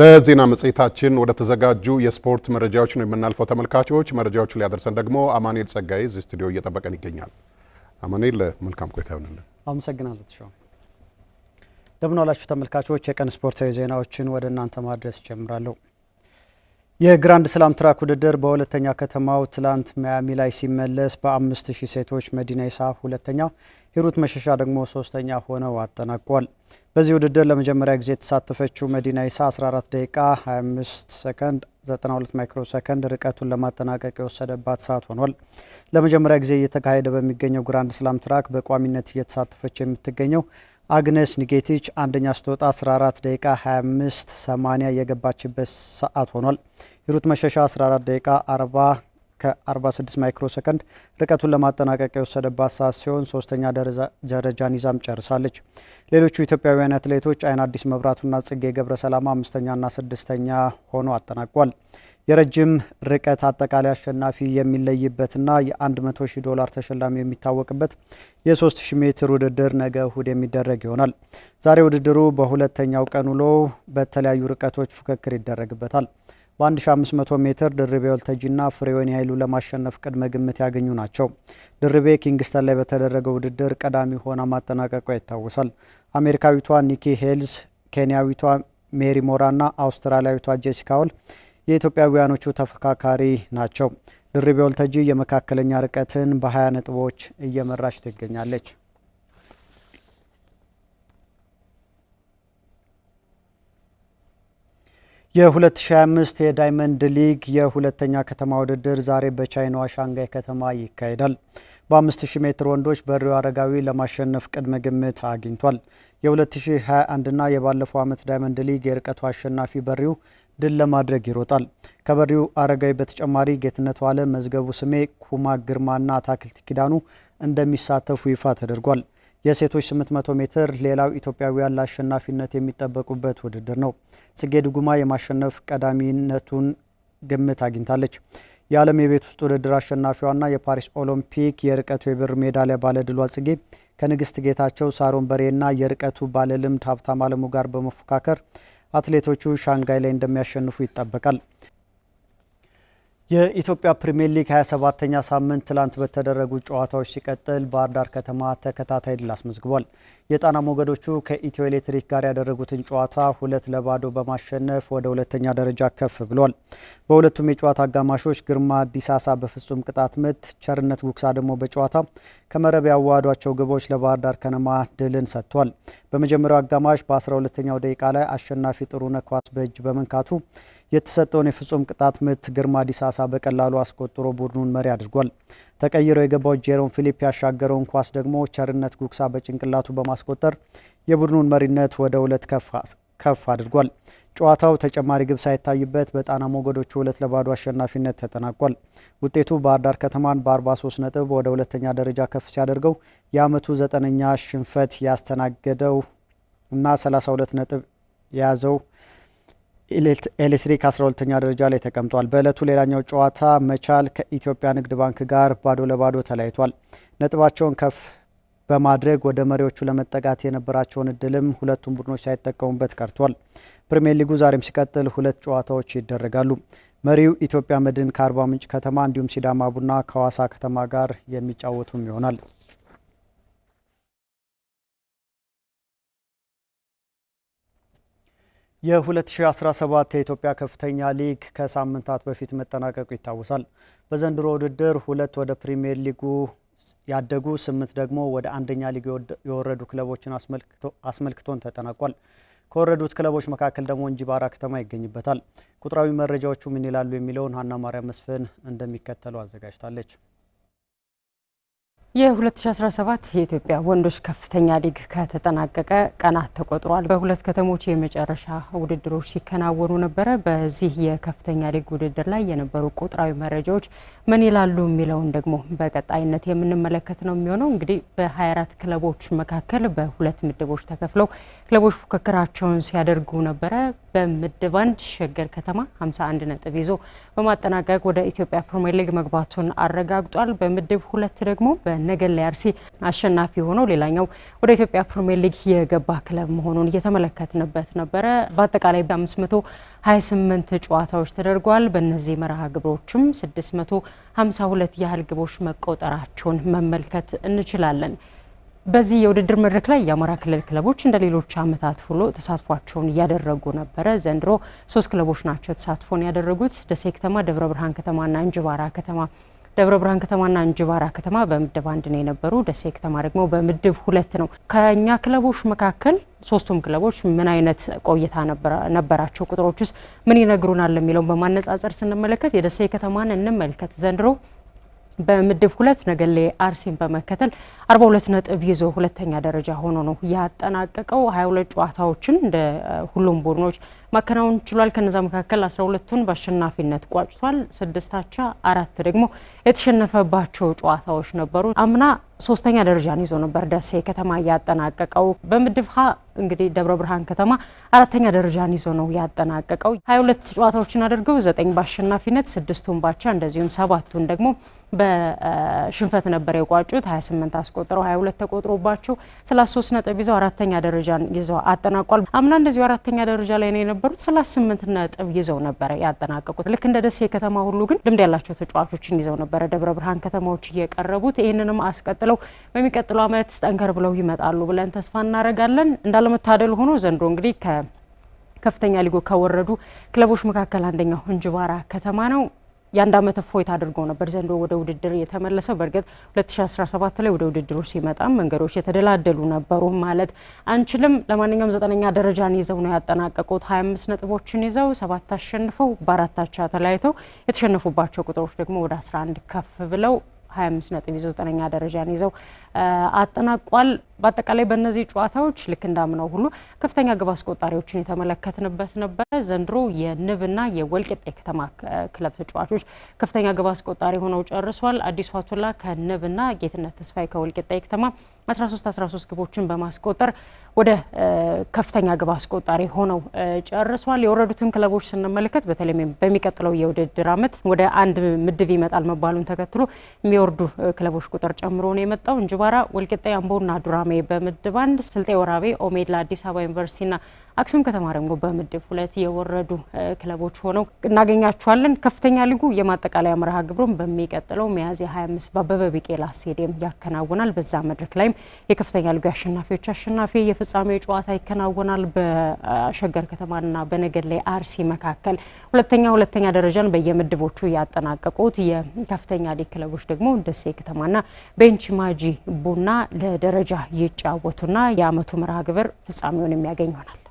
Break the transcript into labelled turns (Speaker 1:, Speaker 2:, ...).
Speaker 1: ለዜና መጽሔታችን ወደ ተዘጋጁ የስፖርት መረጃዎች ነው የምናልፈው። ተመልካቾች መረጃዎቹ ሊያደርሰን ደግሞ አማኔል ጸጋዬ እዚህ ስቱዲዮ እየጠበቀን ይገኛል። አማኔል መልካም ቆይታ ይሆንልን።
Speaker 2: አመሰግናለሁ ትሻ እንደምን ዋላችሁ ተመልካቾች። የቀን ስፖርታዊ ዜናዎችን ወደ እናንተ ማድረስ ጀምራለሁ። የግራንድ ስላም ትራክ ውድድር በሁለተኛ ከተማው ትላንት ማያሚ ላይ ሲመለስ በአምስት ሺህ ሴቶች መዲና ይሳ ሁለተኛ፣ ሂሩት መሸሻ ደግሞ ሶስተኛ ሆነው አጠናቋል። በዚህ ውድድር ለመጀመሪያ ጊዜ የተሳተፈችው መዲና ይሳ 14 ደቂቃ 25 ሰከንድ 92 ማይክሮ ሰከንድ ርቀቱን ለማጠናቀቅ የወሰደባት ሰዓት ሆኗል። ለመጀመሪያ ጊዜ እየተካሄደ በሚገኘው ግራንድ ስላም ትራክ በቋሚነት እየተሳተፈች የምትገኘው አግነስ ኒጌቲች አንደኛ ስትወጣ 14 ደቂቃ 25 80 የገባችበት ሰዓት ሆኗል። ሂሩት መሸሻ 14 ደቂቃ 40 ከ46 ማይክሮ ሰከንድ ርቀቱን ለማጠናቀቅ የወሰደባት ሰዓት ሲሆን ሶስተኛ ደረጃን ይዛም ጨርሳለች። ሌሎቹ ኢትዮጵያውያን አትሌቶች አይን አዲስ መብራቱና ጽጌ ገብረ ሰላማ አምስተኛና ስድስተኛ ሆኖ አጠናቋል። የረጅም ርቀት አጠቃላይ አሸናፊ የሚለይበትና የ100 ሺህ ዶላር ተሸላሚ የሚታወቅበት የ3000 ሜትር ውድድር ነገ እሁድ የሚደረግ ይሆናል። ዛሬ ውድድሩ በሁለተኛው ቀን ውሎ በተለያዩ ርቀቶች ፉክክር ይደረግበታል። በ1500 ሜትር ድርቤ ወልተጂና ፍሬወይኒ ኃይሉ ለማሸነፍ ቅድመ ግምት ያገኙ ናቸው። ድርቤ ኪንግስተን ላይ በተደረገው ውድድር ቀዳሚ ሆና ማጠናቀቋ ይታወሳል። አሜሪካዊቷ ኒኪ ሄልዝ፣ ኬንያዊቷ ሜሪ ሞራ እና አውስትራሊያዊቷ ጄሲካ ወል. የኢትዮጵያውያኖቹ ተፎካካሪ ናቸው። ድሪቤ ወልተጂ የመካከለኛ ርቀትን በ20 ነጥቦች እየመራች ትገኛለች። የ2025 የዳይመንድ ሊግ የሁለተኛ ከተማ ውድድር ዛሬ በቻይናዋ ሻንጋይ ከተማ ይካሄዳል። በ5000 ሜትር ወንዶች በሪዮ አረጋዊ ለማሸነፍ ቅድመ ግምት አግኝቷል። የ2021ና የባለፈው ዓመት ዳይመንድ ሊግ የርቀቱ አሸናፊ በሪው ድል ለማድረግ ይሮጣል። ከበሪው አረጋዊ በተጨማሪ ጌትነት ዋለ፣ መዝገቡ ስሜ፣ ኩማ ግርማና አታክልት ኪዳኑ እንደሚሳተፉ ይፋ ተደርጓል። የሴቶች 800 ሜትር ሌላው ኢትዮጵያውያን ለአሸናፊነት የሚጠበቁበት ውድድር ነው። ጽጌ ድጉማ የማሸነፍ ቀዳሚነቱን ግምት አግኝታለች። የዓለም የቤት ውስጥ ውድድር አሸናፊዋና የፓሪስ ኦሎምፒክ የርቀቱ የብር ሜዳሊያ ባለድሏ ጽጌ ከንግስት ጌታቸው፣ ሳሮን በሬና የርቀቱ ባለልምድ ሀብታም አለሙ ጋር በመፎካከር አትሌቶቹ ሻንጋይ ላይ እንደሚያሸንፉ ይጠበቃል። የኢትዮጵያ ፕሪምየር ሊግ 27ኛ ሳምንት ትላንት በተደረጉ ጨዋታዎች ሲቀጥል ባህር ዳር ከተማ ተከታታይ ድል አስመዝግቧል። የጣና ሞገዶቹ ከኢትዮ ኤሌክትሪክ ጋር ያደረጉትን ጨዋታ ሁለት ለባዶ በማሸነፍ ወደ ሁለተኛ ደረጃ ከፍ ብሏል። በሁለቱም የጨዋታ አጋማሾች ግርማ ዲሳሳ በፍጹም ቅጣት ምት፣ ቸርነት ጉክሳ ደግሞ በጨዋታ ከመረብ ያዋዷቸው ግቦች ለባህር ዳር ከነማ ድልን ሰጥቷል። በመጀመሪያው አጋማሽ በ12ኛው ደቂቃ ላይ አሸናፊ ጥሩነህ ኳስ በእጅ በመንካቱ የተሰጠውን የፍጹም ቅጣት ምት ግርማ ዲሳሳ በቀላሉ አስቆጥሮ ቡድኑን መሪ አድርጓል። ተቀይሮ የገባው ጄሮም ፊሊፕ ያሻገረውን ኳስ ደግሞ ቸርነት ጉግሳ በጭንቅላቱ በማስቆጠር የቡድኑን መሪነት ወደ ሁለት ከፍ አድርጓል። ጨዋታው ተጨማሪ ግብ ሳይታይበት በጣና ሞገዶቹ ሁለት ለባዶ አሸናፊነት ተጠናቋል። ውጤቱ ባህር ዳር ከተማን በ43 ነጥብ ወደ ሁለተኛ ደረጃ ከፍ ሲያደርገው የዓመቱ ዘጠነኛ ሽንፈት ያስተናገደው እና 32 ነጥብ የያዘው ኤሌክትሪክ 12ኛ ደረጃ ላይ ተቀምጧል። በዕለቱ ሌላኛው ጨዋታ መቻል ከኢትዮጵያ ንግድ ባንክ ጋር ባዶ ለባዶ ተለያይቷል። ነጥባቸውን ከፍ በማድረግ ወደ መሪዎቹ ለመጠጋት የነበራቸውን እድልም ሁለቱም ቡድኖች ሳይጠቀሙበት ቀርቷል። ፕሪምየር ሊጉ ዛሬም ሲቀጥል ሁለት ጨዋታዎች ይደረጋሉ። መሪው ኢትዮጵያ መድን ከአርባ ምንጭ ከተማ እንዲሁም ሲዳማ ቡና ከሀዋሳ ከተማ ጋር የሚጫወቱም ይሆናል። የ2017 የኢትዮጵያ ከፍተኛ ሊግ ከሳምንታት በፊት መጠናቀቁ ይታወሳል። በዘንድሮ ውድድር ሁለት ወደ ፕሪምየር ሊጉ ያደጉ ስምንት ደግሞ ወደ አንደኛ ሊግ የወረዱ ክለቦችን አስመልክቶን ተጠናቋል። ከወረዱት ክለቦች መካከል ደግሞ እንጂባራ ከተማ ይገኝበታል። ቁጥራዊ መረጃዎቹ ምን ይላሉ የሚለውን ሀና ማርያም መስፍን እንደሚከተለው አዘጋጅታለች።
Speaker 3: የ2017 የኢትዮጵያ ወንዶች ከፍተኛ ሊግ ከተጠናቀቀ ቀናት ተቆጥሯል። በሁለት ከተሞች የመጨረሻ ውድድሮች ሲከናወኑ ነበረ። በዚህ የከፍተኛ ሊግ ውድድር ላይ የነበሩ ቁጥራዊ መረጃዎች ምን ይላሉ የሚለውን ደግሞ በቀጣይነት የምንመለከት ነው የሚሆነው። እንግዲህ በ24 ክለቦች መካከል በሁለት ምድቦች ተከፍለው ክለቦች ፉክክራቸውን ሲያደርጉ ነበረ። በምድብ አንድ ሸገር ከተማ 51 ነጥብ ይዞ በማጠናቀቅ ወደ ኢትዮጵያ ፕሪምየር ሊግ መግባቱን አረጋግጧል። በምድብ ሁለት ደግሞ በ ነገሌ አርሲ አሸናፊ ሆነው ሌላኛው ወደ ኢትዮጵያ ፕሪሚየር ሊግ የገባ ክለብ መሆኑን እየተመለከትንበት ነበረ። በአጠቃላይ 528 ጨዋታዎች ተደርጓል። በእነዚህ መርሃ ግብሮችም 652 ያህል ግቦች መቆጠራቸውን መመልከት እንችላለን። በዚህ የውድድር መድረክ ላይ የአማራ ክልል ክለቦች እንደ ሌሎች ዓመታት ሁሉ ተሳትፏቸውን እያደረጉ ነበረ። ዘንድሮ ሶስት ክለቦች ናቸው ተሳትፎን ያደረጉት። ደሴ ከተማ፣ ደብረ ብርሃን ከተማና እንጅባራ ከተማ ደብረ ብርሃን ከተማና እንጅባራ ከተማ በምድብ አንድ ነው የነበሩ። ደሴ ከተማ ደግሞ በምድብ ሁለት ነው። ከእኛ ክለቦች መካከል ሶስቱም ክለቦች ምን አይነት ቆይታ ነበራቸው፣ ቁጥሮች ውስጥ ምን ይነግሩናል የሚለውን በማነጻጸር ስንመለከት የደሴ ከተማን እንመልከት። ዘንድሮ በምድብ ሁለት ነገሌ አርሲን በመከተል 42 ነጥብ ይዞ ሁለተኛ ደረጃ ሆኖ ነው ያጠናቀቀው። 22 ጨዋታዎችን እንደ ሁሉም ቡድኖች ማከናወን ችሏል። ከነዛ መካከል 12ቱን በአሸናፊነት ቋጭቷል። ስድስታቻ አራት ደግሞ የተሸነፈባቸው ጨዋታዎች ነበሩ አምና ሶስተኛ ደረጃን ይዞ ነበር ደሴ ከተማ ያጠናቀቀው። በምድብ ሀ እንግዲህ ደብረ ብርሃን ከተማ አራተኛ ደረጃን ይዞ ነው ያጠናቀቀው። ሀያ ሁለት ጨዋታዎችን አድርገው ዘጠኝ በአሸናፊነት ስድስቱን ባቻ እንደዚሁም ሰባቱን ደግሞ በሽንፈት ነበር የቋጩት። 28 አስቆጥረው 22 ተቆጥሮባቸው 33 ነጥብ ይዘው አራተኛ ደረጃን ይዘው አጠናቋል። አምና እንደዚሁ አራተኛ ደረጃ ላይ ነው የነበሩት፣ 38 ነጥብ ይዘው ነበረ ያጠናቀቁት። ልክ እንደ ደሴ ከተማ ሁሉ ግን ልምድ ያላቸው ተጫዋቾችን ይዘው ነበረ ደብረ ብርሃን ከተማዎች እየቀረቡት። ይህንንም አስቀጥ አስከትለው በሚቀጥለው ዓመት ጠንከር ብለው ይመጣሉ ብለን ተስፋ እናደርጋለን። እንዳለመታደል ሆኖ ዘንድሮ እንግዲህ ከከፍተኛ ሊጎ ከወረዱ ክለቦች መካከል አንደኛው እንጅባራ ከተማ ነው። የአንድ ዓመት እፎይታ አድርጎ ነበር ዘንድሮ ወደ ውድድር የተመለሰው። በእርግጥ 2017 ላይ ወደ ውድድሩ ሲመጣም መንገዶች የተደላደሉ ነበሩ ማለት አንችልም። ለማንኛውም ዘጠነኛ ደረጃን ይዘው ነው ያጠናቀቁት። 25 ነጥቦችን ይዘው ሰባት አሸንፈው በአራት አቻ ተለያይተው የተሸነፉባቸው ቁጥሮች ደግሞ ወደ 11 ከፍ ብለው 25 ነጥብ ይዞ ዘጠነኛ ደረጃን ይዘው አጠናቋል። በአጠቃላይ በእነዚህ ጨዋታዎች ልክ እንዳምነው ሁሉ ከፍተኛ ግብ አስቆጣሪዎችን የተመለከትንበት ነበረ። ዘንድሮ የንብና የወልቂጤ ከተማ ክለብ ተጫዋቾች ከፍተኛ ግብ አስቆጣሪ ሆነው ጨርሷል። አዲስ ፋቱላ ከንብና ጌትነት ተስፋዬ ከወልቂጤ ከተማ 13 13 ግቦችን በማስቆጠር ወደ ከፍተኛ ግብ አስቆጣሪ ሆነው ጨርሷል። የወረዱትን ክለቦች ስንመለከት በተለይ በሚቀጥለው የውድድር ዓመት ወደ አንድ ምድብ ይመጣል መባሉን ተከትሎ የሚወርዱ ክለቦች ቁጥር ጨምሮ ነው የመጣው። እንጅባራ፣ ወልቂጤ፣ አምቦና ዱራሜ በምድብ አንድ፣ ስልጤ ወራቤ፣ ኦሜድላ፣ አዲስ አበባ ዩኒቨርሲቲና አክሱም ከተማ ደግሞ በምድብ ሁለት የወረዱ ክለቦች ሆነው እናገኛቸዋለን። ከፍተኛ ሊጉ የማጠቃለያ መርሃ ግብሩን በሚቀጥለው ሚያዝያ 25 በአበበ ቢቄላ ስቴዲየም ያከናውናል። በዛ መድረክ ላይም የከፍተኛ ሊጉ አሸናፊዎች አሸናፊ የፍጻሜ ጨዋታ ይከናወናል። በሸገር ከተማና በነገድ ላይ አርሲ መካከል ሁለተኛ ሁለተኛ ደረጃን በየምድቦቹ ያጠናቀቁት የከፍተኛ ሊግ ክለቦች ደግሞ ደሴ ከተማና ቤንች ማጂ ቡና ለደረጃ ይጫወቱና የአመቱ መርሃ ግብር ፍጻሜውን የሚያገኝ ይሆናል።